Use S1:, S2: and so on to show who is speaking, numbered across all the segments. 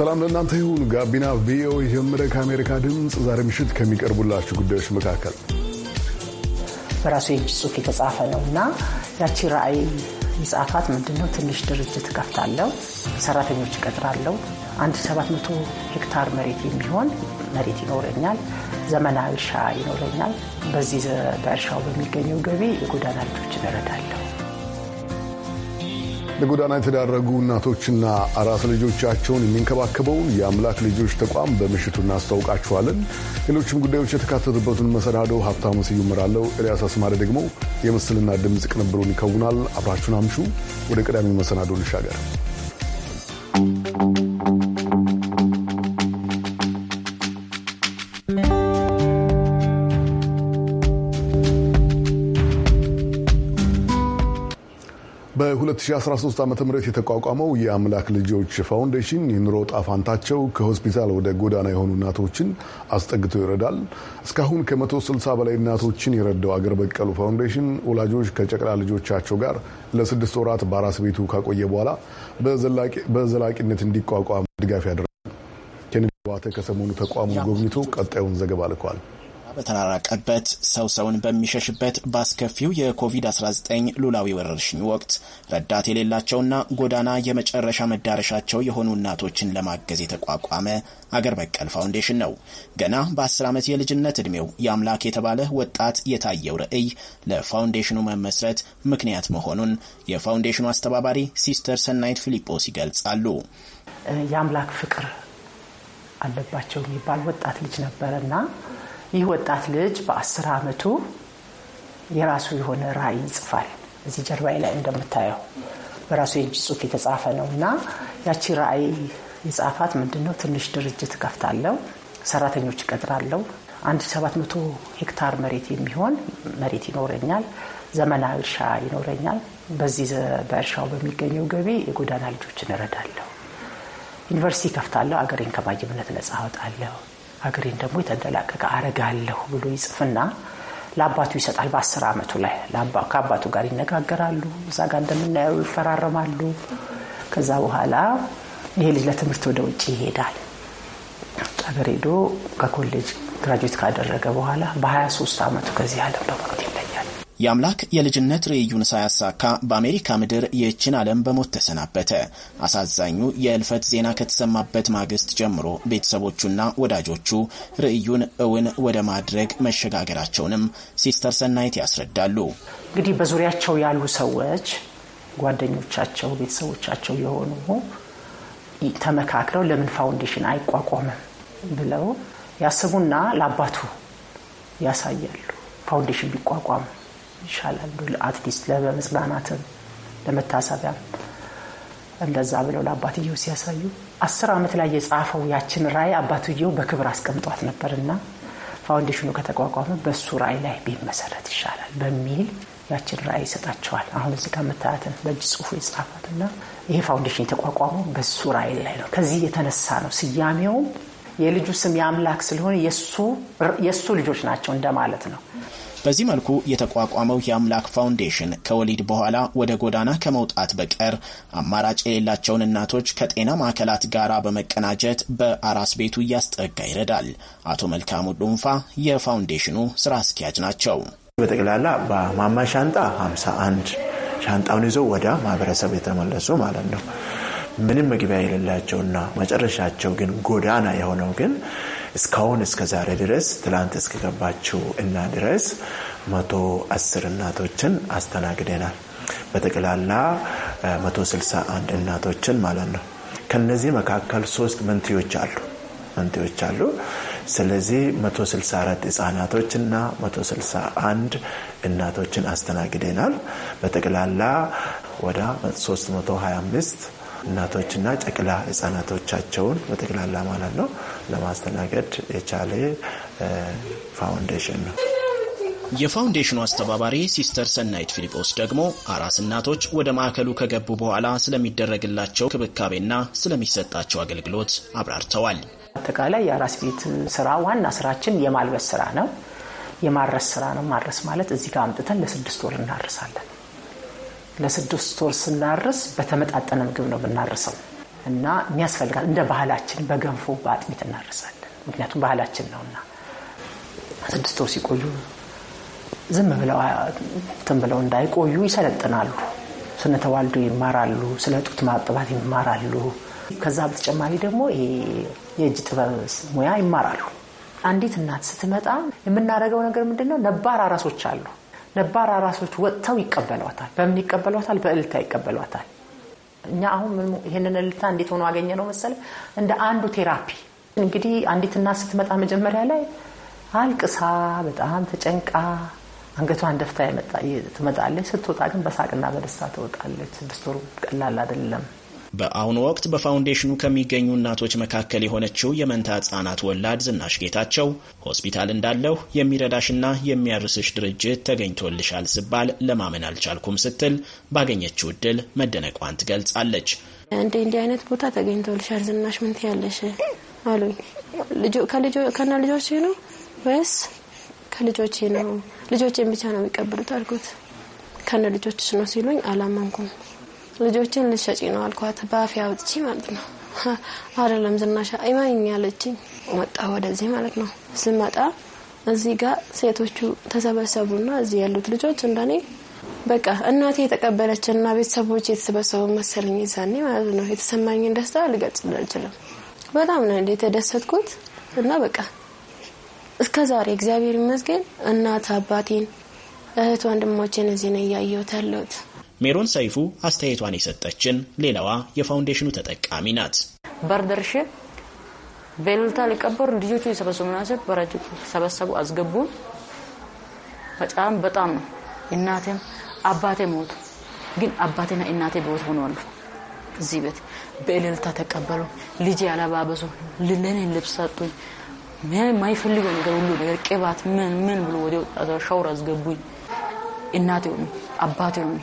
S1: ሰላም ለእናንተ ይሁን። ጋቢና ቪኦኤ የጀመረ ከአሜሪካ ድምፅ ዛሬ ምሽት ከሚቀርቡላችሁ ጉዳዮች መካከል
S2: በራሱ የእጅ ጽሁፍ የተጻፈ ነው እና ያቺ ራእይ መጽሐፋት ምንድነው? ትንሽ ድርጅት ከፍታለው ሰራተኞች እቀጥራለሁ፣ አንድ 700 ሄክታር መሬት የሚሆን መሬት ይኖረኛል፣ ዘመናዊ እርሻ ይኖረኛል። በዚህ በእርሻው በሚገኘው ገቢ የጎዳና ልጆች እረዳለሁ።
S1: ለጎዳና የተዳረጉ እናቶችና አራት ልጆቻቸውን የሚንከባከበውን የአምላክ ልጆች ተቋም በምሽቱ እናስታውቃችኋለን። ሌሎችም ጉዳዮች የተካተቱበትን መሰናዶ ሀብታሙ ስዩም እመራለሁ። ኤልያስ አስማሪ ደግሞ የምስልና ድምፅ ቅንብሩን ይከውናል። አብራችሁን አምሹ። ወደ ቀዳሚው መሰናዶ እንሻገር። 2013 ዓ ም የተቋቋመው የአምላክ ልጆች ፋውንዴሽን የኑሮ ጣፋንታቸው ከሆስፒታል ወደ ጎዳና የሆኑ እናቶችን አስጠግቶ ይረዳል። እስካሁን ከ160 በላይ እናቶችን የረዳው አገር በቀሉ ፋውንዴሽን ወላጆች ከጨቅላ ልጆቻቸው ጋር ለስድስት ወራት በአራስ ቤቱ ካቆየ በኋላ በዘላቂነት እንዲቋቋም ድጋፍ ያደርጋል። ኬኔዲ ከሰሞኑ ተቋሙ ጎብኝቶ ቀጣዩን ዘገባ ልኳል።
S3: በተራራቀበት ሰው ሰውን በሚሸሽበት በአስከፊው የኮቪድ-19 ሉላዊ ወረርሽኝ ወቅት ረዳት የሌላቸውና ጎዳና የመጨረሻ መዳረሻቸው የሆኑ እናቶችን ለማገዝ የተቋቋመ አገር በቀል ፋውንዴሽን ነው። ገና በ10 ዓመት የልጅነት ዕድሜው የአምላክ የተባለ ወጣት የታየው ርዕይ ለፋውንዴሽኑ መመስረት ምክንያት መሆኑን የፋውንዴሽኑ አስተባባሪ ሲስተር ሰናይት ፊሊጶስ ይገልጻሉ። የአምላክ ፍቅር
S2: አለባቸው የሚባል ወጣት ልጅ ነበረና ይህ ወጣት ልጅ በአስር አመቱ የራሱ የሆነ ራዕይ ይጽፋል። እዚህ ጀርባዬ ላይ እንደምታየው በራሱ የእጅ ጽሁፍ የተጻፈ ነው እና ያቺ ራእይ የጻፋት ምንድን ነው? ትንሽ ድርጅት ከፍታለው ሰራተኞች ቀጥራለው አንድ ሰባት መቶ ሄክታር መሬት የሚሆን መሬት ይኖረኛል፣ ዘመናዊ እርሻ ይኖረኛል። በዚህ በእርሻው በሚገኘው ገቢ የጎዳና ልጆችን እረዳለሁ፣ ዩኒቨርሲቲ ከፍታለሁ አገሬን ከማይምነት ነጻ አወጣለሁ አገሬን ደግሞ የተንደላቀቀ አረጋለሁ ብሎ ይጽፍና ለአባቱ ይሰጣል። በአስር ዓመቱ ላይ ከአባቱ ጋር ይነጋገራሉ። እዛ ጋር እንደምናየው ይፈራረማሉ። ከዛ በኋላ ይሄ ልጅ ለትምህርት ወደ ውጭ ይሄዳል።
S3: አገር ሄዶ ከኮሌጅ ግራጁዌት ካደረገ በኋላ በ23 ዓመቱ ከዚህ ዓለም በሞት የአምላክ የልጅነት ርዕዩን ሳያሳካ በአሜሪካ ምድር ይህችን ዓለም በሞት ተሰናበተ። አሳዛኙ የእልፈት ዜና ከተሰማበት ማግስት ጀምሮ ቤተሰቦቹና ወዳጆቹ ርዕዩን እውን ወደ ማድረግ መሸጋገራቸውንም ሲስተር ሰናይት ያስረዳሉ። እንግዲህ በዙሪያቸው ያሉ ሰዎች ጓደኞቻቸው፣
S2: ቤተሰቦቻቸው የሆኑ ተመካክረው ለምን ፋውንዴሽን አይቋቋምም ብለው ያስቡና ለአባቱ ያሳያሉ ፋውንዴሽን ቢቋቋሙ ይሻላል አትሊስት ለመጽናናትም ለመታሰቢያም እንደዛ ብለው ለአባትየው ሲያሳዩ አስር ዓመት ላይ የጻፈው ያችን ራእይ አባትየው በክብር አስቀምጧት ነበር እና ፋውንዴሽኑ ከተቋቋመ በሱ ራእይ ላይ ቢመሰረት ይሻላል በሚል ያችን ራእይ ይሰጣቸዋል። አሁን እዚህ ጋር የምታያትን በእጅ ጽሁፉ የጻፋት እና ይሄ ፋውንዴሽን የተቋቋመው በሱ ራእይ ላይ ነው። ከዚህ የተነሳ ነው ስያሜውም
S3: የልጁ ስም የአምላክ ስለሆነ የእሱ ልጆች ናቸው እንደማለት ነው። በዚህ መልኩ የተቋቋመው የአምላክ ፋውንዴሽን ከወሊድ በኋላ ወደ ጎዳና ከመውጣት በቀር አማራጭ የሌላቸውን እናቶች ከጤና ማዕከላት ጋር በመቀናጀት በአራስ ቤቱ እያስጠጋ ይረዳል። አቶ መልካሙ ዱንፋ የፋውንዴሽኑ ስራ አስኪያጅ ናቸው። በጠቅላላ በማማ ሻንጣ 51 ሻንጣውን ይዞ ወደ ማህበረሰብ
S4: የተመለሱ ማለት ነው። ምንም መግቢያ የሌላቸውና መጨረሻቸው ግን ጎዳና የሆነው ግን እስካሁን እስከ ዛሬ ድረስ ትላንት እስከገባችው እና ድረስ መቶ አስር እናቶችን አስተናግደናል። በጠቅላላ መቶ ስልሳ አንድ እናቶችን ማለት ነው። ከነዚህ መካከል ሶስት መንትዮች አሉ መንትዮች አሉ። ስለዚህ 164 ህጻናቶችና 161 እናቶችን አስተናግደናል። በጠቅላላ ወደ 325 እናቶችና ጨቅላ ህጻናቶቻቸውን በጠቅላላ ማለት ነው
S3: ለማስተናገድ የቻለ ፋውንዴሽን ነው። የፋውንዴሽኑ አስተባባሪ ሲስተር ሰናይት ፊሊጶስ ደግሞ አራስ እናቶች ወደ ማዕከሉ ከገቡ በኋላ ስለሚደረግላቸው ክብካቤና ስለሚሰጣቸው አገልግሎት አብራርተዋል። አጠቃላይ የአራስ ቤት ስራ
S2: ዋና ስራችን የማልበስ ስራ ነው፣ የማረስ
S3: ስራ ነው። ማረስ
S2: ማለት እዚህ ጋር አምጥተን ለስድስት ወር እናርሳለን። ለስድስት ወር ስናርስ በተመጣጠነ ምግብ ነው የምናርሰው እና የሚያስፈልጋል እንደ ባህላችን በገንፎ በአጥሚት እናርሳለን። ምክንያቱም ባህላችን ነውና ስድስት ወር ሲቆዩ ዝም ብለው እንትን ብለው እንዳይቆዩ ይሰለጥናሉ። ስነ ተዋልዶ ይማራሉ፣ ስለ ጡት ማጥባት ይማራሉ። ከዛ በተጨማሪ ደግሞ የእጅ ጥበብ ሙያ ይማራሉ። አንዲት እናት ስትመጣ የምናደርገው ነገር ምንድን ነው? ነባር አራሶች አሉ ነባር አራሶች ወጥተው ይቀበሏታል። በምን ይቀበሏታል? በእልታ ይቀበሏታል። እኛ አሁን ይህንን እልታ እንዴት ሆኖ አገኘ ነው መሰለ እንደ አንዱ ቴራፒ እንግዲህ አንዲት እናት ስትመጣ መጀመሪያ ላይ አልቅሳ በጣም ተጨንቃ አንገቷን ደፍታ ትመጣለች። ስትወጣ ግን በሳቅና በደስታ ትወጣለች። ስድስት ወሩ ቀላል አይደለም።
S3: በአሁኑ ወቅት በፋውንዴሽኑ ከሚገኙ እናቶች መካከል የሆነችው የመንታ ህጻናት ወላድ ዝናሽ ጌታቸው ሆስፒታል እንዳለሁ የሚረዳሽና የሚያርስሽ ድርጅት ተገኝቶልሻል ስባል ለማመን አልቻልኩም ስትል ባገኘችው እድል መደነቋን ትገልጻለች።
S5: እንደ እንዲህ አይነት ቦታ ተገኝቶልሻል ዝናሽ ምንት ያለሽ አሉኝ። ከነ ልጆቼ ነው ወይስ ከልጆቼ ነው? ልጆቼን ብቻ ነው የሚቀብሉት አልኩት። ከነ ልጆችሽ ነው ሲሉኝ አላመንኩም። ልጆችን ልሸጪ ነው አልኳት፣ በአፌ አውጥቼ ማለት ነው። አይደለም ዝናሻ ኢማኝ ያለችኝ ወጣ ወደዚህ ማለት ነው። ስመጣ እዚህ ጋር ሴቶቹ ተሰበሰቡና እዚህ ያሉት ልጆች እንደኔ በቃ እናቴ የተቀበለች እና ቤተሰቦች የተሰበሰቡ መሰለኝ ይዛኔ ማለት ነው። የተሰማኝን ደስታ ልገልጽ አልችልም። በጣም ነው የተደሰትኩት እና በቃ እስከ ዛሬ እግዚአብሔር ይመስገን እናት አባቴን እህት ወንድሞቼን እዚህ ነው እያየሁት ያለሁት።
S3: ሜሮን ሰይፉ አስተያየቷን የሰጠችን ሌላዋ የፋውንዴሽኑ ተጠቃሚ ናት።
S5: በርደርሽ በእልልታ ሊቀበሩ ልጆቹ የሰበሰቡ ምናሰብ በራጅ ሰበሰቡ አስገቡ። በጣም በጣም ነው። እናቴም አባቴ ሞቱ፣ ግን አባቴና እናቴ በወት ሆኖ አሉ። እዚህ ቤት በእልልታ ተቀበሉ። ልጅ ያለባበሱ ልንን ልብስ ሰጡኝ። የማይፈልገው ነገር ሁሉ ነገር ቅባት ምን ምን ብሎ ወደ ሻውር አስገቡኝ። እናቴ ሆኑ አባቴ ሆኑ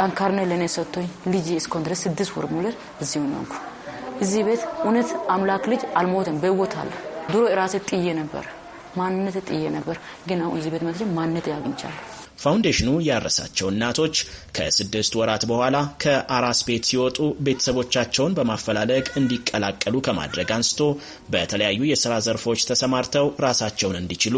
S5: ጠንካር ነው ለእኔ ሰጥቶኝ ልጅ እስኮን ድረስ ስድስት ወር ሙለር እዚሁ ነንኩ። እዚህ ቤት እውነት አምላክ ልጅ አልሞተም፣ በሕይወት አለ። ድሮ ራሴ ጥዬ ነበር፣ ማንነት ጥዬ ነበር። ግን አሁን እዚህ ቤት መጥቼ ማንነት ያግኝቻለሁ።
S3: ፋውንዴሽኑ ያረሳቸው እናቶች ከስድስት ወራት በኋላ ከአራስ ቤት ሲወጡ ቤተሰቦቻቸውን በማፈላለግ እንዲቀላቀሉ ከማድረግ አንስቶ በተለያዩ የሥራ ዘርፎች ተሰማርተው ራሳቸውን እንዲችሉ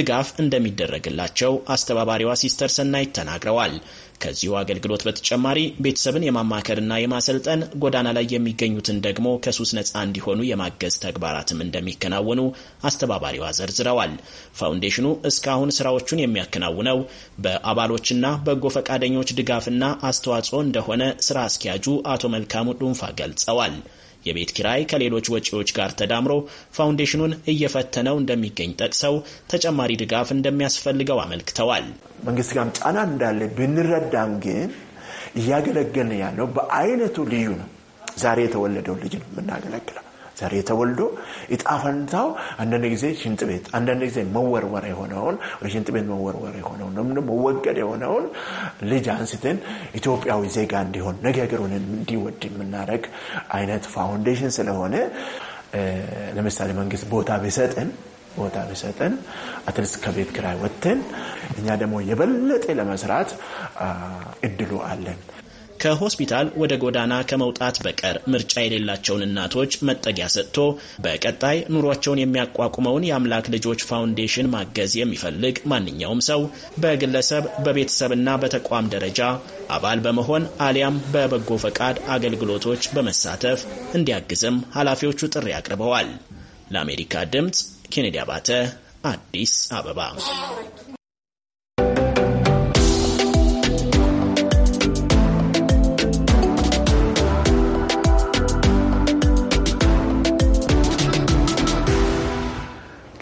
S3: ድጋፍ እንደሚደረግላቸው አስተባባሪዋ ሲስተር ሰናይት ተናግረዋል። ከዚሁ አገልግሎት በተጨማሪ ቤተሰብን የማማከርና የማሰልጠን ጎዳና ላይ የሚገኙትን ደግሞ ከሱስ ነፃ እንዲሆኑ የማገዝ ተግባራትም እንደሚከናወኑ አስተባባሪዋ ዘርዝረዋል። ፋውንዴሽኑ እስካሁን ስራዎቹን የሚያከናውነው በአባሎችና በጎ ፈቃደኞች ድጋፍና አስተዋጽኦ እንደሆነ ስራ አስኪያጁ አቶ መልካሙ ዱንፋ ገልጸዋል። የቤት ኪራይ ከሌሎች ወጪዎች ጋር ተዳምሮ ፋውንዴሽኑን እየፈተነው እንደሚገኝ ጠቅሰው ተጨማሪ ድጋፍ እንደሚያስፈልገው አመልክተዋል። መንግስት ጋርም ጫና እንዳለ ብንረዳም ግን እያገለገልን ያለው
S4: በአይነቱ ልዩ ነው። ዛሬ የተወለደው ልጅ ነው የምናገለግለው። ዛሬ ተወልዶ ይጣፈንታው አንዳንድ ጊዜ ሽንጥ ቤት፣ አንዳንድ ጊዜ መወርወር የሆነውን ወይ ሽንጥ ቤት መወርወር የሆነውን ደግሞ መወገድ የሆነውን ልጅ አንስትን ኢትዮጵያዊ ዜጋ እንዲሆን ነገ ሀገሩን እንዲወድ የምናደረግ አይነት ፋውንዴሽን ስለሆነ ለምሳሌ መንግስት ቦታ ቢሰጥን ቦታ ቢሰጥን አትሊስት ከቤት ክራይ ወጥተን እኛ ደግሞ
S3: የበለጠ ለመስራት እድሉ አለን። ከሆስፒታል ወደ ጎዳና ከመውጣት በቀር ምርጫ የሌላቸውን እናቶች መጠጊያ ሰጥቶ በቀጣይ ኑሯቸውን የሚያቋቁመውን የአምላክ ልጆች ፋውንዴሽን ማገዝ የሚፈልግ ማንኛውም ሰው በግለሰብ በቤተሰብና በተቋም ደረጃ አባል በመሆን አሊያም በበጎ ፈቃድ አገልግሎቶች በመሳተፍ እንዲያግዝም ኃላፊዎቹ ጥሪ አቅርበዋል። ለአሜሪካ ድምፅ ኬኔዲ አባተ አዲስ አበባ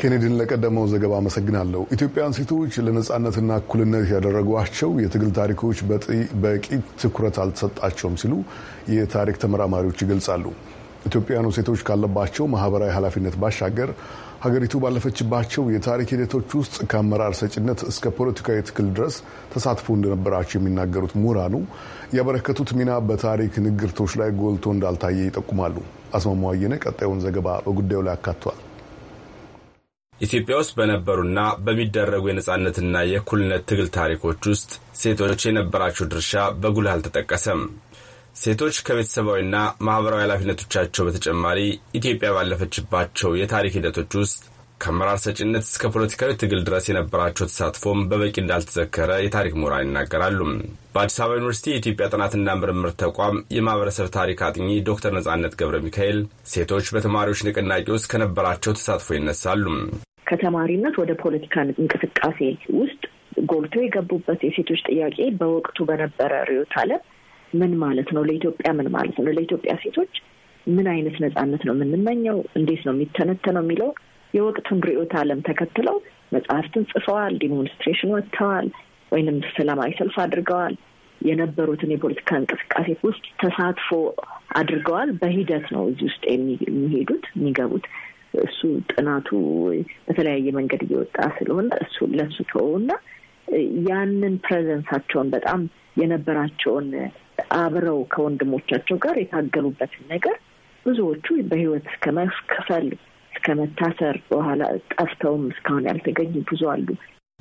S1: ኬኔዲን ለቀደመው ዘገባ አመሰግናለሁ። ኢትዮጵያን ሴቶች ለነጻነትና እኩልነት ያደረጓቸው የትግል ታሪኮች በቂ ትኩረት አልተሰጣቸውም ሲሉ የታሪክ ተመራማሪዎች ይገልጻሉ። ኢትዮጵያኑ ሴቶች ካለባቸው ማህበራዊ ኃላፊነት ባሻገር ሀገሪቱ ባለፈችባቸው የታሪክ ሂደቶች ውስጥ ከአመራር ሰጭነት እስከ ፖለቲካዊ ትክል ድረስ ተሳትፎ እንደነበራቸው የሚናገሩት ምሁራኑ ያበረከቱት ሚና በታሪክ ንግርቶች ላይ ጎልቶ እንዳልታየ ይጠቁማሉ። አስማማው አየነ ቀጣዩን ዘገባ በጉዳዩ ላይ አካቷል።
S6: ኢትዮጵያ ውስጥ በነበሩና በሚደረጉ የነጻነትና የእኩልነት ትግል ታሪኮች ውስጥ ሴቶች የነበራቸው ድርሻ በጉልህ አልተጠቀሰም። ሴቶች ከቤተሰባዊና ማኅበራዊ ኃላፊነቶቻቸው በተጨማሪ ኢትዮጵያ ባለፈችባቸው የታሪክ ሂደቶች ውስጥ ከአመራር ሰጭነት እስከ ፖለቲካዊ ትግል ድረስ የነበራቸው ተሳትፎም በበቂ እንዳልተዘከረ የታሪክ ምሁራን ይናገራሉ። በአዲስ አበባ ዩኒቨርሲቲ የኢትዮጵያ ጥናትና ምርምር ተቋም የማህበረሰብ ታሪክ አጥኚ ዶክተር ነጻነት ገብረ ሚካኤል ሴቶች በተማሪዎች ንቅናቄ ውስጥ ከነበራቸው ተሳትፎ ይነሳሉ።
S5: ከተማሪነት ወደ ፖለቲካ እንቅስቃሴ ውስጥ ጎልቶ የገቡበት የሴቶች ጥያቄ በወቅቱ በነበረ ርዕዮተ ዓለም ምን ማለት ነው? ለኢትዮጵያ ምን ማለት ነው? ለኢትዮጵያ ሴቶች ምን አይነት ነጻነት ነው የምንመኘው? እንዴት ነው የሚተነተነው? የሚለው የወቅቱን ርዕዮተ ዓለም ተከትለው መጽሐፍትን ጽፈዋል፣ ዲሞንስትሬሽን ወጥተዋል፣ ወይንም ሰላማዊ ሰልፍ አድርገዋል። የነበሩትን የፖለቲካ እንቅስቃሴ ውስጥ ተሳትፎ አድርገዋል። በሂደት ነው እዚህ ውስጥ የሚሄዱት የሚገቡት። እሱ ጥናቱ በተለያየ መንገድ እየወጣ ስለሆነ እሱ ለሱ ተወውና ያንን ፕሬዘንሳቸውን በጣም የነበራቸውን አብረው ከወንድሞቻቸው ጋር የታገሉበትን ነገር ብዙዎቹ በህይወት እስከ መክፈል ከመታሰር በኋላ ጠፍተውም እስካሁን ያልተገኙ ብዙ አሉ።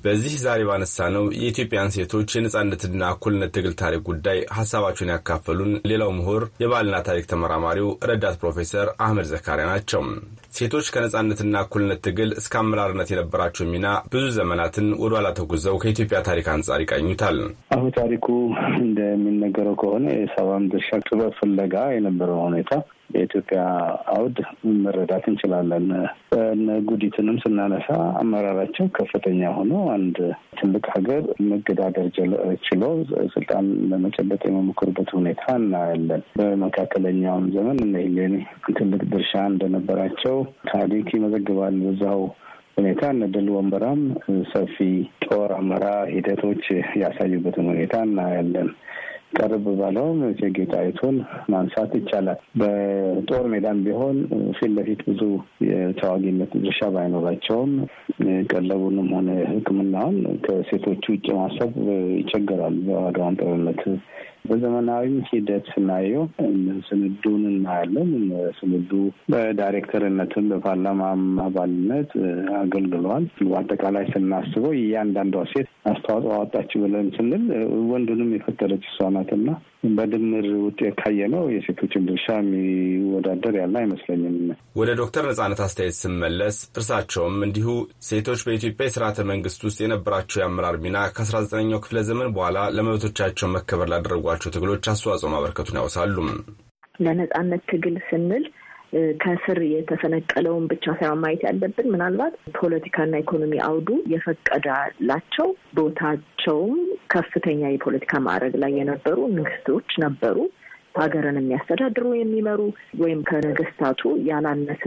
S6: በዚህ ዛሬ ባነሳ ነው የኢትዮጵያን ሴቶች የነጻነትና እኩልነት ትግል ታሪክ ጉዳይ ሀሳባቸውን ያካፈሉን ሌላው ምሁር የባህልና ታሪክ ተመራማሪው ረዳት ፕሮፌሰር አህመድ ዘካሪያ ናቸው። ሴቶች ከነጻነትና እኩልነት ትግል እስከ አመራርነት የነበራቸው ሚና ብዙ ዘመናትን ወደ ኋላ ተጉዘው ከኢትዮጵያ ታሪክ አንጻር ይቃኙታል።
S7: አሁ ታሪኩ እንደሚነገረው ከሆነ የሰባም ድርሻ ጥበብ ፍለጋ የነበረው ሁኔታ የኢትዮጵያ አውድ መረዳት እንችላለን። እነ ጉዲትንም ስናነሳ አመራራቸው ከፍተኛ ሆኖ አንድ ትልቅ ሀገር መገዳደር ችሎ ስልጣን ለመጨበጥ የመሞክርበት ሁኔታ እናያለን። በመካከለኛውም ዘመን እነ ትልቅ ድርሻ እንደነበራቸው ታሪክ ይመዘግባል። በዛው ሁኔታ እነ ድል ወንበራም ሰፊ ጦር አመራ ሂደቶች ያሳዩበትን ሁኔታ እናያለን። ቀርብ ባለውም እቴጌ ጣይቱን ማንሳት ይቻላል። በጦር ሜዳም ቢሆን ፊት ለፊት ብዙ የተዋጊነት ድርሻ ባይኖራቸውም ቀለቡንም ሆነ ሕክምናውን ከሴቶቹ ውጭ ማሰብ ይቸገራል። በዋጋውን ጦርነት በዘመናዊ ሂደት ስናየው ስንዱን እናያለን። ስንዱ በዳይሬክተርነትም በፓርላማ አባልነት አገልግሏል። በአጠቃላይ ስናስበው እያንዳንዷ ሴት አስተዋጽኦ አወጣች ብለን ስንል ወንዱንም የፈጠረች እሷ ናትና በድምር ውጤት ካየ ነው የሴቶችን ድርሻ የሚወዳደር ያለ አይመስለኝም።
S6: ወደ ዶክተር ነጻነት አስተያየት ስመለስ እርሳቸውም እንዲሁ ሴቶች በኢትዮጵያ የስርዓተ መንግስት ውስጥ የነበራቸው የአመራር ሚና ከአስራ ዘጠነኛው ክፍለ ዘመን በኋላ ለመብቶቻቸው መከበር ላደረጓ ላደረጓቸው ትግሎች አስተዋጽኦ ማበርከቱን ያወሳሉ።
S5: ለነጻነት ትግል ስንል ከስር የተፈነቀለውን ብቻ ሳይሆን ማየት ያለብን ምናልባት ፖለቲካና ኢኮኖሚ አውዱ የፈቀዳላቸው ቦታቸውም ከፍተኛ የፖለቲካ ማዕረግ ላይ የነበሩ ንግስቶች ነበሩ። ሀገርን የሚያስተዳድሩ የሚመሩ፣ ወይም ከነገስታቱ ያላነሰ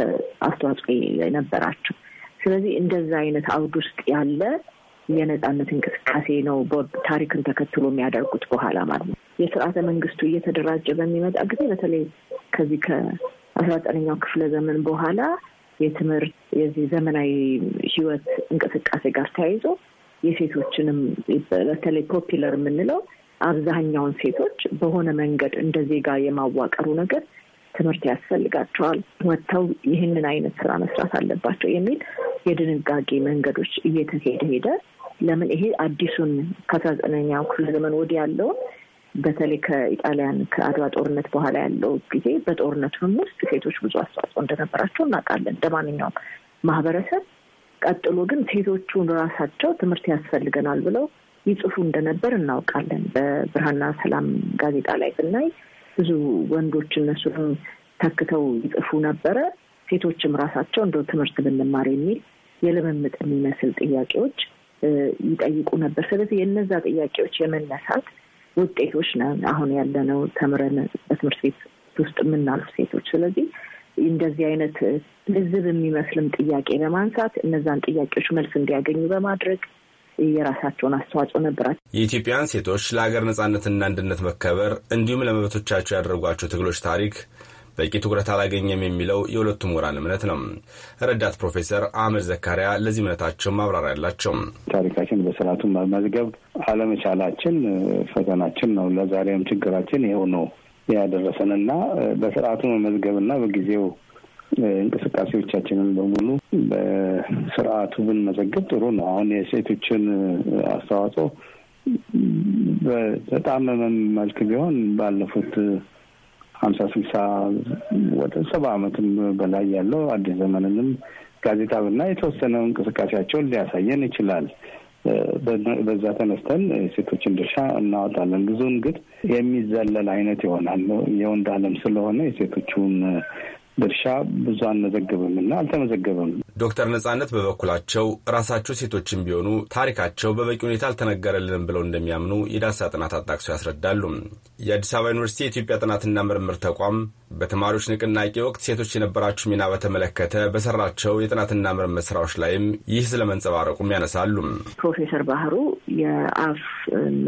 S5: አስተዋጽኦ የነበራቸው። ስለዚህ እንደዛ አይነት አውድ ውስጥ ያለ የነጻነት እንቅስቃሴ ነው ታሪክን ተከትሎ የሚያደርጉት በኋላ ማለት ነው። የስርዓተ መንግስቱ እየተደራጀ በሚመጣ ጊዜ በተለይ ከዚህ ከአስራ ዘጠነኛው ክፍለ ዘመን በኋላ የትምህርት የዚህ ዘመናዊ ህይወት እንቅስቃሴ ጋር ተያይዞ የሴቶችንም በተለይ ፖፒለር የምንለው አብዛኛውን ሴቶች በሆነ መንገድ እንደ ዜጋ የማዋቀሩ ነገር ትምህርት ያስፈልጋቸዋል፣ ወጥተው ይህንን አይነት ስራ መስራት አለባቸው የሚል የድንጋጌ መንገዶች እየተሄደ ሄደ ለምን ይሄ አዲሱን ከአስራ ዘጠነኛው ክፍለ ዘመን ወዲ ያለውን በተለይ ከኢጣሊያን ከአድዋ ጦርነት በኋላ ያለው ጊዜ በጦርነቱም ውስጥ ሴቶች ብዙ አስተዋጽኦ እንደነበራቸው እናውቃለን እንደ ማንኛውም ማህበረሰብ። ቀጥሎ ግን ሴቶቹን ራሳቸው ትምህርት ያስፈልገናል ብለው ይጽፉ እንደነበር እናውቃለን። በብርሃንና ሰላም ጋዜጣ ላይ ብናይ ብዙ ወንዶች እነሱንም ተክተው ይጽፉ ነበረ። ሴቶችም ራሳቸው እንደው ትምህርት ብንማር የሚል የልምምጥ የሚመስል ጥያቄዎች ይጠይቁ ነበር። ስለዚህ የእነዛ ጥያቄዎች የመነሳት ውጤቶች ነን አሁን ያለነው ተምረን በትምህርት ቤት ውስጥ የምናልፍ ሴቶች። ስለዚህ እንደዚህ አይነት ልዝብ የሚመስልም ጥያቄ በማንሳት እነዛን ጥያቄዎች መልስ እንዲያገኙ በማድረግ የራሳቸውን አስተዋጽኦ
S6: ነበራቸው። የኢትዮጵያን ሴቶች ለሀገር ነጻነትና አንድነት መከበር እንዲሁም ለመብቶቻቸው ያደረጓቸው ትግሎች ታሪክ በቂ ትኩረት አላገኘም የሚለው የሁለቱ ምሁራን እምነት ነው። ረዳት ፕሮፌሰር አህመድ ዘካሪያ ለዚህ እምነታቸው ማብራሪያ ያላቸው
S7: ታሪካችን በስርዓቱ መመዝገብ አለመቻላችን ፈተናችን ነው። ለዛሬም ችግራችን ይኸው ነው ያደረሰን እና በስርዓቱ መመዝገብ በጊዜው እንቅስቃሴዎቻችንን በሙሉ በስርዓቱ ብንመዘግብ ጥሩ ነው። አሁን የሴቶችን አስተዋጽኦ በጣም መመልክ ቢሆን ባለፉት ሀምሳ ስልሳ ወደ ሰባ አመትም በላይ ያለው አዲስ ዘመንንም ጋዜጣ ብና የተወሰነ እንቅስቃሴያቸውን ሊያሳየን ይችላል። በዛ ተነስተን የሴቶችን ድርሻ እናወጣለን። ብዙውን ግን የሚዘለል አይነት ይሆናል። የወንድ አለም ስለሆነ የሴቶቹን ድርሻ ብዙ አንመዘግብም እና አልተመዘገበም።
S6: ዶክተር ነጻነት በበኩላቸው ራሳቸው ሴቶችን ቢሆኑ ታሪካቸው በበቂ ሁኔታ አልተነገረልንም ብለው እንደሚያምኑ የዳሳ ጥናት አጣቅሰው ያስረዳሉ። የአዲስ አበባ ዩኒቨርሲቲ የኢትዮጵያ ጥናትና ምርምር ተቋም በተማሪዎች ንቅናቄ ወቅት ሴቶች የነበራችሁ ሚና በተመለከተ በሰራቸው የጥናትና ምርምር ስራዎች ላይም ይህ ስለመንጸባረቁም ያነሳሉ።
S5: ፕሮፌሰር ባህሩ የአፍ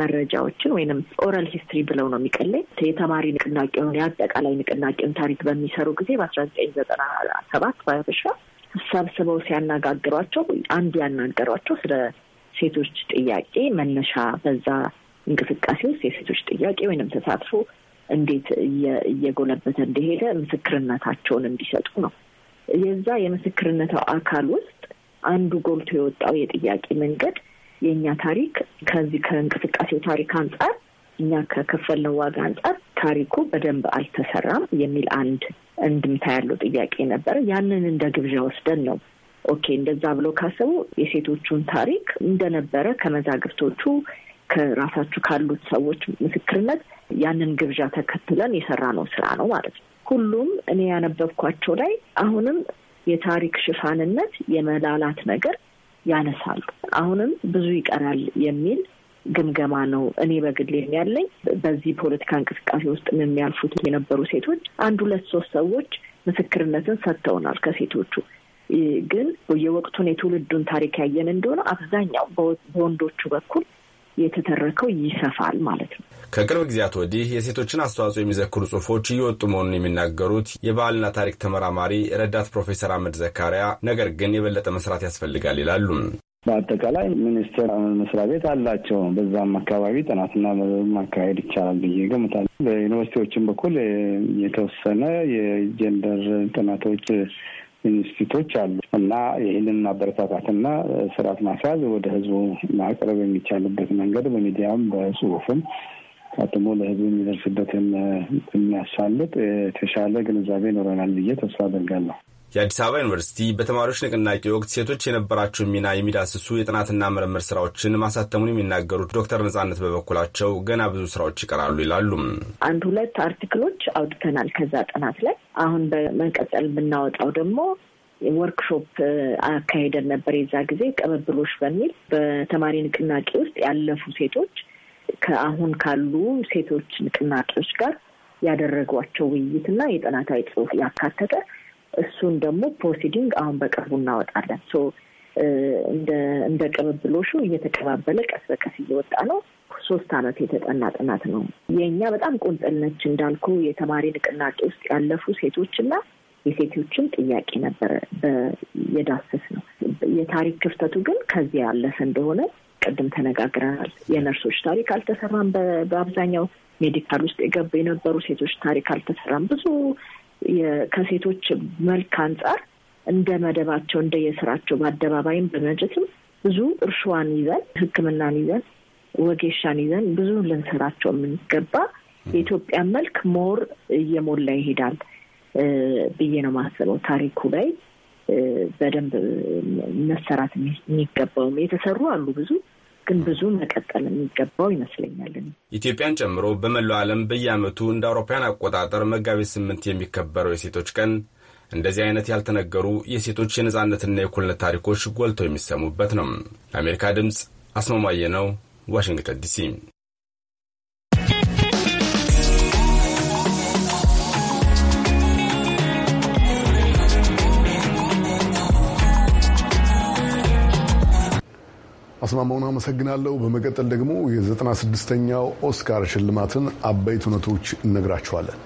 S5: መረጃዎችን ወይንም ኦራል ሂስትሪ ብለው ነው የሚቀለኝ የተማሪ ንቅናቄውን የአጠቃላይ ንቅናቄውን ታሪክ በሚሰሩ ጊዜ በአስራ ዘጠኝ ዘጠና ሰባት ባያበሻ ሰብስበው ሲያነጋግሯቸው አንዱ ያናገሯቸው ስለ ሴቶች ጥያቄ መነሻ በዛ እንቅስቃሴ ውስጥ የሴቶች ጥያቄ ወይንም ተሳትፎ እንዴት እየጎለበተ እንደሄደ ምስክርነታቸውን እንዲሰጡ ነው። የዛ የምስክርነት አካል ውስጥ አንዱ ጎልቶ የወጣው የጥያቄ መንገድ የእኛ ታሪክ ከዚህ ከእንቅስቃሴው ታሪክ አንጻር እኛ ከከፈልነው ዋጋ አንጻር ታሪኩ በደንብ አልተሰራም የሚል አንድ እንድምታ ያለው ጥያቄ ነበረ። ያንን እንደ ግብዣ ወስደን ነው ኦኬ፣ እንደዛ ብሎ ካሰቡ የሴቶቹን ታሪክ እንደነበረ ከመዛግብቶቹ ከራሳችሁ ካሉት ሰዎች ምስክርነት ያንን ግብዣ ተከትለን ነው ስራ ነው ማለት ነው። ሁሉም እኔ ያነበብኳቸው ላይ አሁንም የታሪክ ሽፋንነት የመላላት ነገር ያነሳሉ። አሁንም ብዙ ይቀራል የሚል ግምገማ ነው እኔ በግሌም ያለኝ። በዚህ ፖለቲካ እንቅስቃሴ ውስጥ የሚያልፉት የነበሩ ሴቶች አንድ ሁለት ሶስት ሰዎች ምስክርነትን ሰጥተውናል ከሴቶቹ ግን የወቅቱን የትውልዱን ታሪክ ያየን እንደሆነ አብዛኛው በወንዶቹ በኩል የተተረከው ይሰፋል ማለት ነው።
S6: ከቅርብ ጊዜያት ወዲህ የሴቶችን አስተዋጽኦ የሚዘክሩ ጽሁፎች እየወጡ መሆኑን የሚናገሩት የባህልና ታሪክ ተመራማሪ ረዳት ፕሮፌሰር አህመድ ዘካሪያ ነገር ግን የበለጠ መስራት ያስፈልጋል ይላሉ።
S7: በአጠቃላይ ሚኒስቴር መስሪያ ቤት አላቸው። በዛም አካባቢ ጥናትና ማካሄድ ይቻላል ብዬ ገምታለሁ። በዩኒቨርሲቲዎችም በኩል የተወሰነ የጀንደር ጥናቶች ኢንስቲቱቶች አሉ እና ይህንን ማበረታታትና ስርዓት ማስያዝ ወደ ህዝቡ ማቅረብ የሚቻልበት መንገድ በሚዲያም በጽሁፍም ታትሞ ለህዝቡ የሚደርስበትን የሚያሳልጥ የተሻለ ግንዛቤ ይኖረናል ብዬ ተስፋ አደርጋለሁ።
S6: የአዲስ አበባ ዩኒቨርሲቲ በተማሪዎች ንቅናቄ ወቅት ሴቶች የነበራቸውን ሚና የሚዳስሱ የጥናትና ምርምር ስራዎችን ማሳተሙን የሚናገሩት ዶክተር ነጻነት በበኩላቸው ገና ብዙ ስራዎች ይቀራሉ ይላሉ።
S5: አንድ ሁለት አርቲክሎች አውድተናል ከዛ ጥናት ላይ አሁን በመቀጠል የምናወጣው ደግሞ ወርክሾፕ አካሄደን ነበር። የዛ ጊዜ ቅብብሎች በሚል በተማሪ ንቅናቄ ውስጥ ያለፉ ሴቶች ከአሁን ካሉ ሴቶች ንቅናቄዎች ጋር ያደረጓቸው ውይይትና የጥናታዊ ጽሑፍ ያካተተ እሱን ደግሞ ፕሮሲዲንግ አሁን በቅርቡ እናወጣለን። እንደ ቅብብሎሹ እየተቀባበለ ቀስ በቀስ እየወጣ ነው። ሶስት አመት የተጠና ጥናት ነው። የእኛ በጣም ቁንጥል ነች እንዳልኩ የተማሪ ንቅናቄ ውስጥ ያለፉ ሴቶችና የሴቶችን ጥያቄ ነበረ የዳሰስ ነው። የታሪክ ክፍተቱ ግን ከዚያ ያለፈ እንደሆነ ቅድም ተነጋግረናል። የነርሶች ታሪክ አልተሰራም። በአብዛኛው ሜዲካል ውስጥ የገቡ የነበሩ ሴቶች ታሪክ አልተሰራም። ብዙ ከሴቶች መልክ አንጻር እንደ መደባቸው እንደ የስራቸው በአደባባይም በመጀትም ብዙ እርሻዋን ይዘን ሕክምናን ይዘን ወጌሻን ይዘን ብዙ ልንሰራቸው የምንገባ የኢትዮጵያን መልክ ሞር እየሞላ ይሄዳል ብዬ ነው ማስበው። ታሪኩ ላይ በደንብ መሰራት የሚገባውም የተሰሩ አሉ ብዙ ግን ብዙ መቀጠል የሚገባው ይመስለኛል።
S6: ኢትዮጵያን ጨምሮ በመላው ዓለም በየዓመቱ እንደ አውሮፓውያን አቆጣጠር መጋቢት ስምንት የሚከበረው የሴቶች ቀን እንደዚህ አይነት ያልተነገሩ የሴቶች የነጻነትና የእኩልነት ታሪኮች ጎልተው የሚሰሙበት ነው። ለአሜሪካ ድምፅ አስማማየ ነው፣ ዋሽንግተን ዲሲ።
S1: አስማማውን አመሰግናለሁ። በመቀጠል ደግሞ የ96ኛው ኦስካር ሽልማትን አበይት እውነቶች እነግራችኋለን።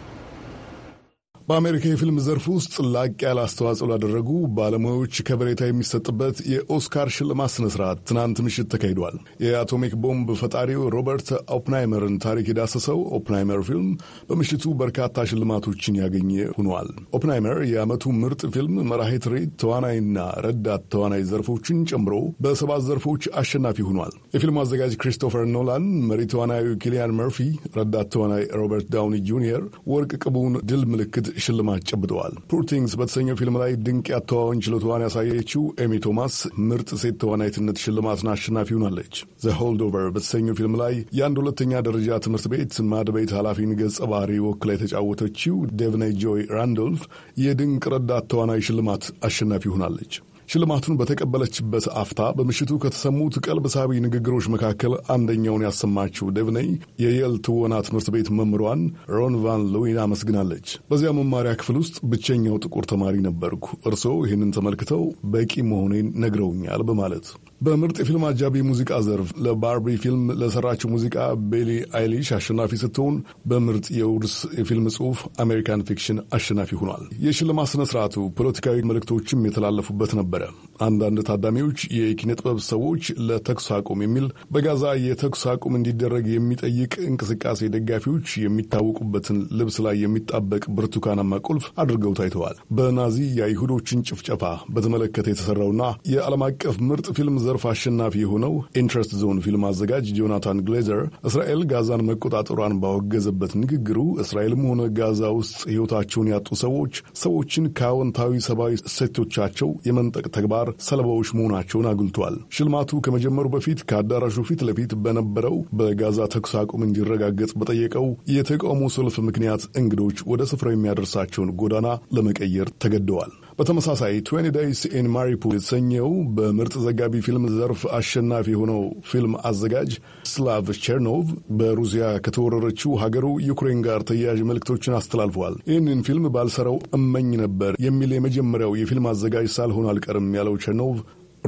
S1: በአሜሪካ የፊልም ዘርፍ ውስጥ ላቅ ያለ አስተዋጽኦ ላደረጉ ባለሙያዎች ከበሬታ የሚሰጥበት የኦስካር ሽልማት ስነ ስርዓት ትናንት ምሽት ተካሂዷል። የአቶሚክ ቦምብ ፈጣሪው ሮበርት ኦፕናይመርን ታሪክ የዳሰሰው ኦፕናይመር ፊልም በምሽቱ በርካታ ሽልማቶችን ያገኘ ሆኗል። ኦፕናይመር የዓመቱ ምርጥ ፊልም፣ መራሄ ትርኢት፣ ተዋናይና ረዳት ተዋናይ ዘርፎችን ጨምሮ በሰባት ዘርፎች አሸናፊ ሆኗል። የፊልሙ አዘጋጅ ክሪስቶፈር ኖላን፣ መሪ ተዋናዩ ኪሊያን መርፊ፣ ረዳት ተዋናይ ሮበርት ዳውኒ ጁኒየር ወርቅ ቅቡን ድል ምልክት ሽልማት ጨብጠዋል። ፑር በተሰኘው ፊልም ላይ ድንቅ ያተዋወን ችሎታዋን ያሳየችው ኤሚ ቶማስ ምርጥ ሴት ተዋናይትነት ሽልማትን አሸናፊ ሆናለች። ዘ ሆልዶቨር በተሰኘው ፊልም ላይ የአንድ ሁለተኛ ደረጃ ትምህርት ቤት ማድቤት ኃላፊን ገጸ ባህሪ ወክላ የተጫወተችው ዴቭኔ ጆይ ራንዶልፍ የድንቅ ረዳት ተዋናይ ሽልማት አሸናፊ ሆናለች። ሽልማቱን በተቀበለችበት አፍታ በምሽቱ ከተሰሙት ቀልብ ሳቢ ንግግሮች መካከል አንደኛውን ያሰማችው ደብነይ የየል ትወና ትምህርት ቤት መምሯን ሮን ቫን ሉዊን አመስግናለች። በዚያ መማሪያ ክፍል ውስጥ ብቸኛው ጥቁር ተማሪ ነበርኩ። እርስዎ ይህንን ተመልክተው በቂ መሆኔን ነግረውኛል በማለት በምርጥ የፊልም አጃቢ ሙዚቃ ዘርፍ ለባርቢ ፊልም ለሰራችው ሙዚቃ ቤሊ አይሊሽ አሸናፊ ስትሆን በምርጥ የውርስ የፊልም ጽሑፍ አሜሪካን ፊክሽን አሸናፊ ሆኗል። የሽልማት ስነ ስርዓቱ ፖለቲካዊ መልእክቶችም የተላለፉበት ነበረ። አንዳንድ ታዳሚዎች የኪነ ጥበብ ሰዎች ለተኩስ አቁም የሚል በጋዛ የተኩስ አቁም እንዲደረግ የሚጠይቅ እንቅስቃሴ ደጋፊዎች የሚታወቁበትን ልብስ ላይ የሚጣበቅ ብርቱካናማ ቁልፍ አድርገው ታይተዋል። በናዚ የአይሁዶችን ጭፍጨፋ በተመለከተ የተሰራውና የዓለም አቀፍ ምርጥ ፊልም ዘ ዘርፍ አሸናፊ የሆነው ኢንትረስት ዞን ፊልም አዘጋጅ ጆናታን ግሌዘር እስራኤል ጋዛን መቆጣጠሯን ባወገዘበት ንግግሩ እስራኤልም ሆነ ጋዛ ውስጥ ሕይወታቸውን ያጡ ሰዎች ሰዎችን ከአዎንታዊ ሰብአዊ እሴቶቻቸው የመንጠቅ ተግባር ሰለባዎች መሆናቸውን አጉልቷል። ሽልማቱ ከመጀመሩ በፊት ከአዳራሹ ፊት ለፊት በነበረው በጋዛ ተኩስ አቁም እንዲረጋገጥ በጠየቀው የተቃውሞ ሰልፍ ምክንያት እንግዶች ወደ ስፍራው የሚያደርሳቸውን ጎዳና ለመቀየር ተገደዋል። በተመሳሳይ ትዌንቲ ዴይስ ኢን ማሪፑ የተሰኘው በምርጥ ዘጋቢ ፊልም ዘርፍ አሸናፊ የሆነው ፊልም አዘጋጅ ስላቭ ቸርኖቭ በሩሲያ ከተወረረችው ሀገሩ ዩክሬን ጋር ተያያዥ መልእክቶችን አስተላልፈዋል። ይህንን ፊልም ባልሰራው እመኝ ነበር የሚል የመጀመሪያው የፊልም አዘጋጅ ሳልሆን አልቀርም ያለው ቸርኖቭ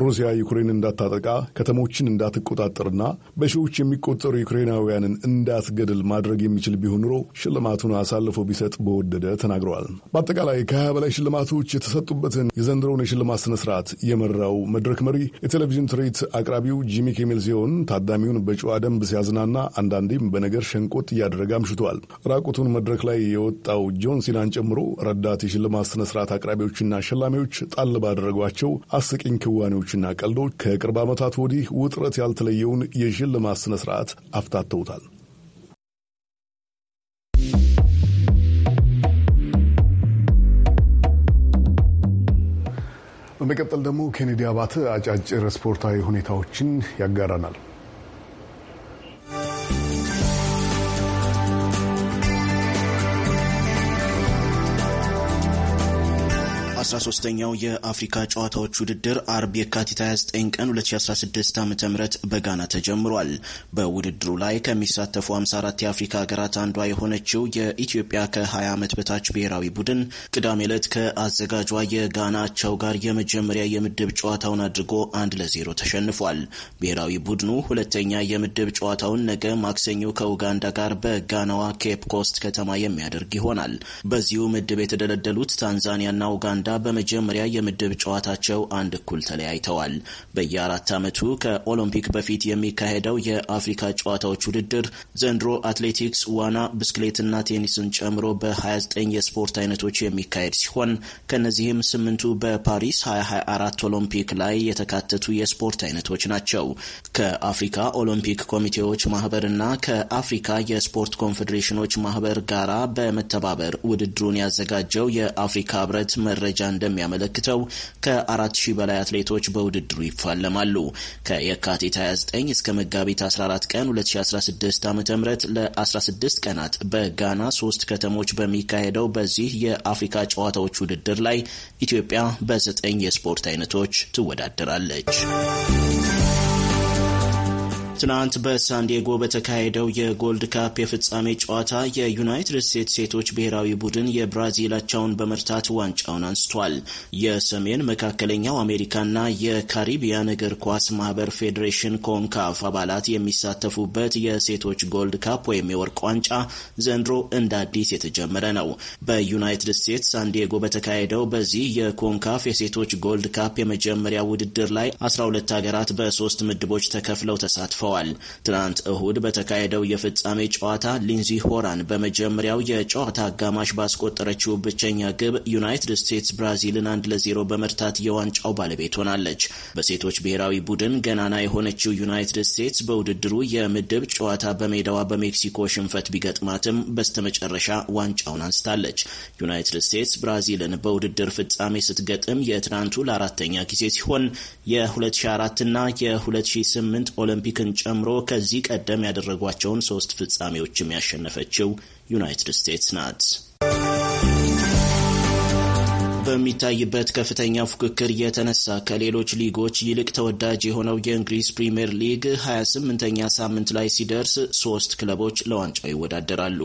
S1: ሩሲያ ዩክሬን እንዳታጠቃ ከተሞችን እንዳትቆጣጠርና በሺዎች የሚቆጠሩ ዩክሬናውያንን እንዳትገድል ማድረግ የሚችል ቢሆን ኑሮ ሽልማቱን አሳልፎ ቢሰጥ በወደደ ተናግረዋል። በአጠቃላይ ከሀያ በላይ ሽልማቶች የተሰጡበትን የዘንድሮውን የሽልማት ስነስርዓት የመራው መድረክ መሪ የቴሌቪዥን ትርኢት አቅራቢው ጂሚ ኬሜል ሲሆን ታዳሚውን በጨዋ ደንብ ሲያዝናና አንዳንዴም በነገር ሸንቆጥ እያደረገ አምሽቷል። ራቁቱን መድረክ ላይ የወጣው ጆን ሲናን ጨምሮ ረዳት የሽልማት ስነስርዓት አቅራቢዎችና ሸላሚዎች ጣል ባደረጓቸው አስቂኝ ክዋኔዎች ምሳሌዎችና ቀልዶች ከቅርብ ዓመታት ወዲህ ውጥረት ያልተለየውን የሽልማት ሥነ ሥርዓት አፍታተውታል። በመቀጠል ደግሞ ኬኔዲ አባተ አጫጭር ስፖርታዊ ሁኔታዎችን ያጋራናል።
S3: 13ኛው የአፍሪካ ጨዋታዎች ውድድር አርብ የካቲት 29 ቀን 2016 ዓ ም በጋና ተጀምሯል። በውድድሩ ላይ ከሚሳተፉ 54 የአፍሪካ ሀገራት አንዷ የሆነችው የኢትዮጵያ ከ20 ዓመት በታች ብሔራዊ ቡድን ቅዳሜ ዕለት ከአዘጋጇ የጋና አቻው ጋር የመጀመሪያ የምድብ ጨዋታውን አድርጎ አንድ ለዜሮ ተሸንፏል። ብሔራዊ ቡድኑ ሁለተኛ የምድብ ጨዋታውን ነገ ማክሰኞ ከኡጋንዳ ጋር በጋናዋ ኬፕ ኮስት ከተማ የሚያደርግ ይሆናል። በዚሁ ምድብ የተደለደሉት ታንዛኒያና ኡጋንዳ በመጀመሪያ የምድብ ጨዋታቸው አንድ እኩል ተለያይተዋል። በየአራት ዓመቱ ከኦሎምፒክ በፊት የሚካሄደው የአፍሪካ ጨዋታዎች ውድድር ዘንድሮ አትሌቲክስ፣ ዋና፣ ብስክሌትና ቴኒስን ጨምሮ በ29 የስፖርት አይነቶች የሚካሄድ ሲሆን ከእነዚህም ስምንቱ በፓሪስ 2024 ኦሎምፒክ ላይ የተካተቱ የስፖርት አይነቶች ናቸው። ከአፍሪካ ኦሎምፒክ ኮሚቴዎች ማህበርና ከአፍሪካ የስፖርት ኮንፌዴሬሽኖች ማህበር ጋራ በመተባበር ውድድሩን ያዘጋጀው የአፍሪካ ህብረት መረጃ እንደሚያመለክተው ከአራት ሺህ በላይ አትሌቶች በውድድሩ ይፋለማሉ። ከየካቲት 29 እስከ መጋቢት 14 ቀን 2016 ዓ ም ለ16 ቀናት በጋና ሶስት ከተሞች በሚካሄደው በዚህ የአፍሪካ ጨዋታዎች ውድድር ላይ ኢትዮጵያ በዘጠኝ የስፖርት አይነቶች ትወዳደራለች። ትናንት በሳንዲያጎ በተካሄደው የጎልድ ካፕ የፍጻሜ ጨዋታ የዩናይትድ ስቴትስ ሴቶች ብሔራዊ ቡድን የብራዚላቸውን በመርታት ዋንጫውን አንስቷል። የሰሜን መካከለኛው አሜሪካና የካሪቢያን እግር ኳስ ማህበር ፌዴሬሽን ኮንካፍ አባላት የሚሳተፉበት የሴቶች ጎልድ ካፕ ወይም የወርቅ ዋንጫ ዘንድሮ እንደ አዲስ የተጀመረ ነው። በዩናይትድ ስቴትስ ሳንዲያጎ በተካሄደው በዚህ የኮንካፍ የሴቶች ጎልድ ካፕ የመጀመሪያ ውድድር ላይ 12 ሀገራት በሶስት ምድቦች ተከፍለው ተሳትፈዋል። አልፈዋል። ትናንት እሁድ በተካሄደው የፍጻሜ ጨዋታ ሊንዚ ሆራን በመጀመሪያው የጨዋታ አጋማሽ ባስቆጠረችው ብቸኛ ግብ ዩናይትድ ስቴትስ ብራዚልን አንድ ለዜሮ በመርታት የዋንጫው ባለቤት ሆናለች። በሴቶች ብሔራዊ ቡድን ገናና የሆነችው ዩናይትድ ስቴትስ በውድድሩ የምድብ ጨዋታ በሜዳዋ በሜክሲኮ ሽንፈት ቢገጥማትም በስተመጨረሻ ዋንጫውን አንስታለች። ዩናይትድ ስቴትስ ብራዚልን በውድድር ፍጻሜ ስትገጥም የትናንቱ ለአራተኛ ጊዜ ሲሆን የ2004 ና የ2008 ኦሎምፒክን ጨምሮ ከዚህ ቀደም ያደረጓቸውን ሶስት ፍጻሜዎችም ያሸነፈችው ዩናይትድ ስቴትስ ናት። በሚታይበት ከፍተኛ ፉክክር የተነሳ ከሌሎች ሊጎች ይልቅ ተወዳጅ የሆነው የእንግሊዝ ፕሪምየር ሊግ 28ኛ ሳምንት ላይ ሲደርስ ሶስት ክለቦች ለዋንጫው ይወዳደራሉ።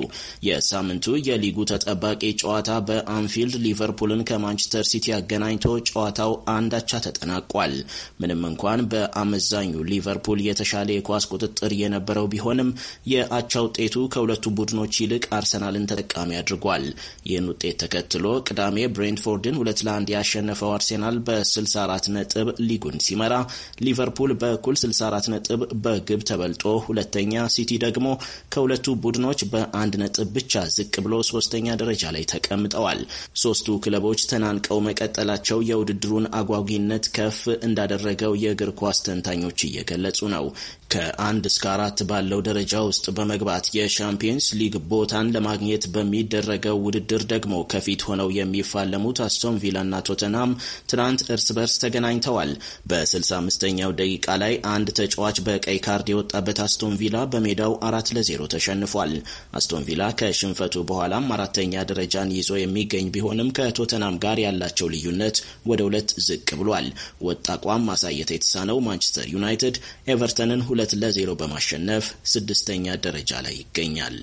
S3: የሳምንቱ የሊጉ ተጠባቂ ጨዋታ በአንፊልድ ሊቨርፑልን ከማንቸስተር ሲቲ አገናኝቶ ጨዋታው አንዳቻ አቻ ተጠናቋል። ምንም እንኳን በአመዛኙ ሊቨርፑል የተሻለ የኳስ ቁጥጥር የነበረው ቢሆንም የአቻ ውጤቱ ከሁለቱ ቡድኖች ይልቅ አርሰናልን ተጠቃሚ አድርጓል። ይህን ውጤት ተከትሎ ቅዳሜ ብሬንትፎርድ ዩናይትድን ሁለት ለአንድ ያሸነፈው አርሴናል በ64 ነጥብ ሊጉን ሲመራ ሊቨርፑል በኩል 64 ነጥብ በግብ ተበልጦ ሁለተኛ፣ ሲቲ ደግሞ ከሁለቱ ቡድኖች በአንድ ነጥብ ብቻ ዝቅ ብሎ ሶስተኛ ደረጃ ላይ ተቀምጠዋል። ሶስቱ ክለቦች ተናንቀው መቀጠላቸው የውድድሩን አጓጊነት ከፍ እንዳደረገው የእግር ኳስ ተንታኞች እየገለጹ ነው። ከአንድ እስከ አራት ባለው ደረጃ ውስጥ በመግባት የሻምፒየንስ ሊግ ቦታን ለማግኘት በሚደረገው ውድድር ደግሞ ከፊት ሆነው የሚፋለሙት አስቶን ቪላና ቶተንሃም ትናንት እርስ በርስ ተገናኝተዋል። በ65ኛው ደቂቃ ላይ አንድ ተጫዋች በቀይ ካርድ የወጣበት አስቶን ቪላ በሜዳው አራት ለዜሮ ተሸንፏል። አስቶን ቪላ ከሽንፈቱ በኋላም አራተኛ ደረጃን ይዞ የሚገኝ ቢሆንም ከቶተንሃም ጋር ያላቸው ልዩነት ወደ ሁለት ዝቅ ብሏል። ወጥ አቋም ማሳየት የተሳነው ማንቸስተር ዩናይትድ ኤቨርተንን ሁለት ለዜሮ በማሸነፍ ስድስተኛ ደረጃ ላይ ይገኛል።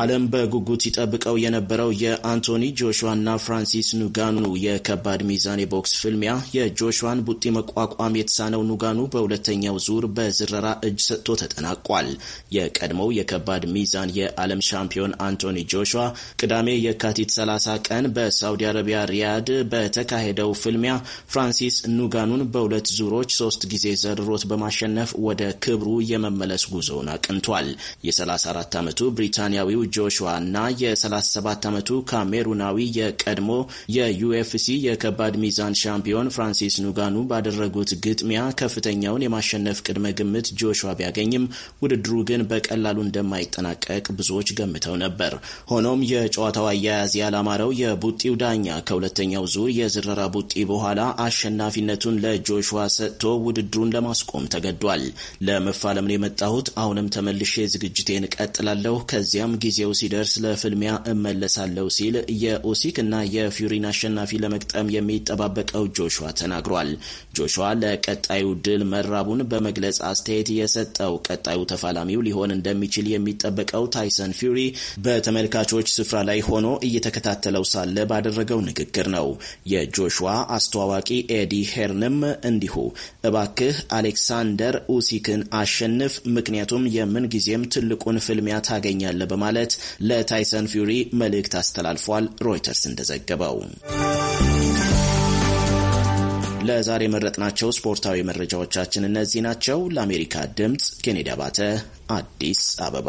S3: ዓለም በጉጉት ይጠብቀው የነበረው የአንቶኒ ጆሹዋና ፍራንሲስ ኑጋኑ የከባድ ሚዛን የቦክስ ፍልሚያ የጆሹዋን ቡጢ መቋቋም የተሳነው ኑጋኑ በሁለተኛው ዙር በዝረራ እጅ ሰጥቶ ተጠናቋል። የቀድሞው የከባድ ሚዛን የዓለም ሻምፒዮን አንቶኒ ጆሹዋ ቅዳሜ የካቲት 30 ቀን በሳውዲ አረቢያ ሪያድ በተካሄደው ፍልሚያ ፍራንሲስ ኑጋኑን በሁለት ዙሮች ሶስት ጊዜ ዘርሮት በማሸነፍ ወደ ክብሩ የመመለስ ጉዞውን አቅንቷል። የ34 ዓመቱ ብሪታንያዊው ጆሹዋ እና የ37 ዓመቱ ካሜሩናዊ የቀድሞ የዩኤፍሲ የከባድ ሚዛን ሻምፒዮን ፍራንሲስ ኑጋኑ ባደረጉት ግጥሚያ ከፍተኛውን የማሸነፍ ቅድመ ግምት ጆሹዋ ቢያገኝም ውድድሩ ግን በቀላሉ እንደማይጠናቀቅ ብዙዎች ገምተው ነበር። ሆኖም የጨዋታው አያያዝ ያላማረው የቡጢው ዳኛ ከሁለተኛው ዙር የዝረራ ቡጢ በኋላ አሸናፊነቱን ለጆሹዋ ሰጥቶ ውድድሩን ለማስቆም ተገዷል። ለመፋለምን የመጣሁት አሁንም ተመልሼ ዝግጅቴን ቀጥላለሁ ከዚያም ጊዜ ጊዜው ሲደርስ ለፍልሚያ እመለሳለሁ ሲል የኦሲክ እና የፊውሪን አሸናፊ ለመግጠም የሚጠባበቀው ጆሹዋ ተናግሯል። ጆሹዋ ለቀጣዩ ድል መራቡን በመግለጽ አስተያየት የሰጠው ቀጣዩ ተፋላሚው ሊሆን እንደሚችል የሚጠበቀው ታይሰን ፊውሪ በተመልካቾች ስፍራ ላይ ሆኖ እየተከታተለው ሳለ ባደረገው ንግግር ነው። የጆሹዋ አስተዋዋቂ ኤዲ ሄርንም እንዲሁ እባክህ አሌክሳንደር ኡሲክን አሸንፍ፣ ምክንያቱም የምን ጊዜም ትልቁን ፍልሚያ ታገኛለህ በማለት በማለት ለታይሰን ፊውሪ መልእክት አስተላልፏል። ሮይተርስ እንደዘገበው ለዛሬ የመረጥናቸው ስፖርታዊ መረጃዎቻችን እነዚህ ናቸው። ለአሜሪካ ድምፅ ኬኔዲ አባተ አዲስ አበባ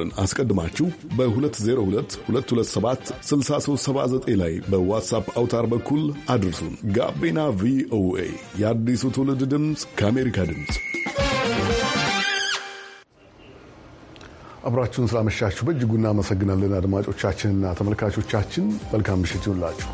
S1: ቁጥርን አስቀድማችሁ በ 6379 ላይ በዋትሳፕ አውታር በኩል አድርሱን። ጋቢና ቪኦኤ የአዲሱ ትውልድ ድምፅ ከአሜሪካ ድምፅ አብራችሁን ስላመሻችሁ በእጅጉ እናመሰግናለን። አድማጮቻችንና ተመልካቾቻችን መልካም ምሽት ይሁንላችሁ።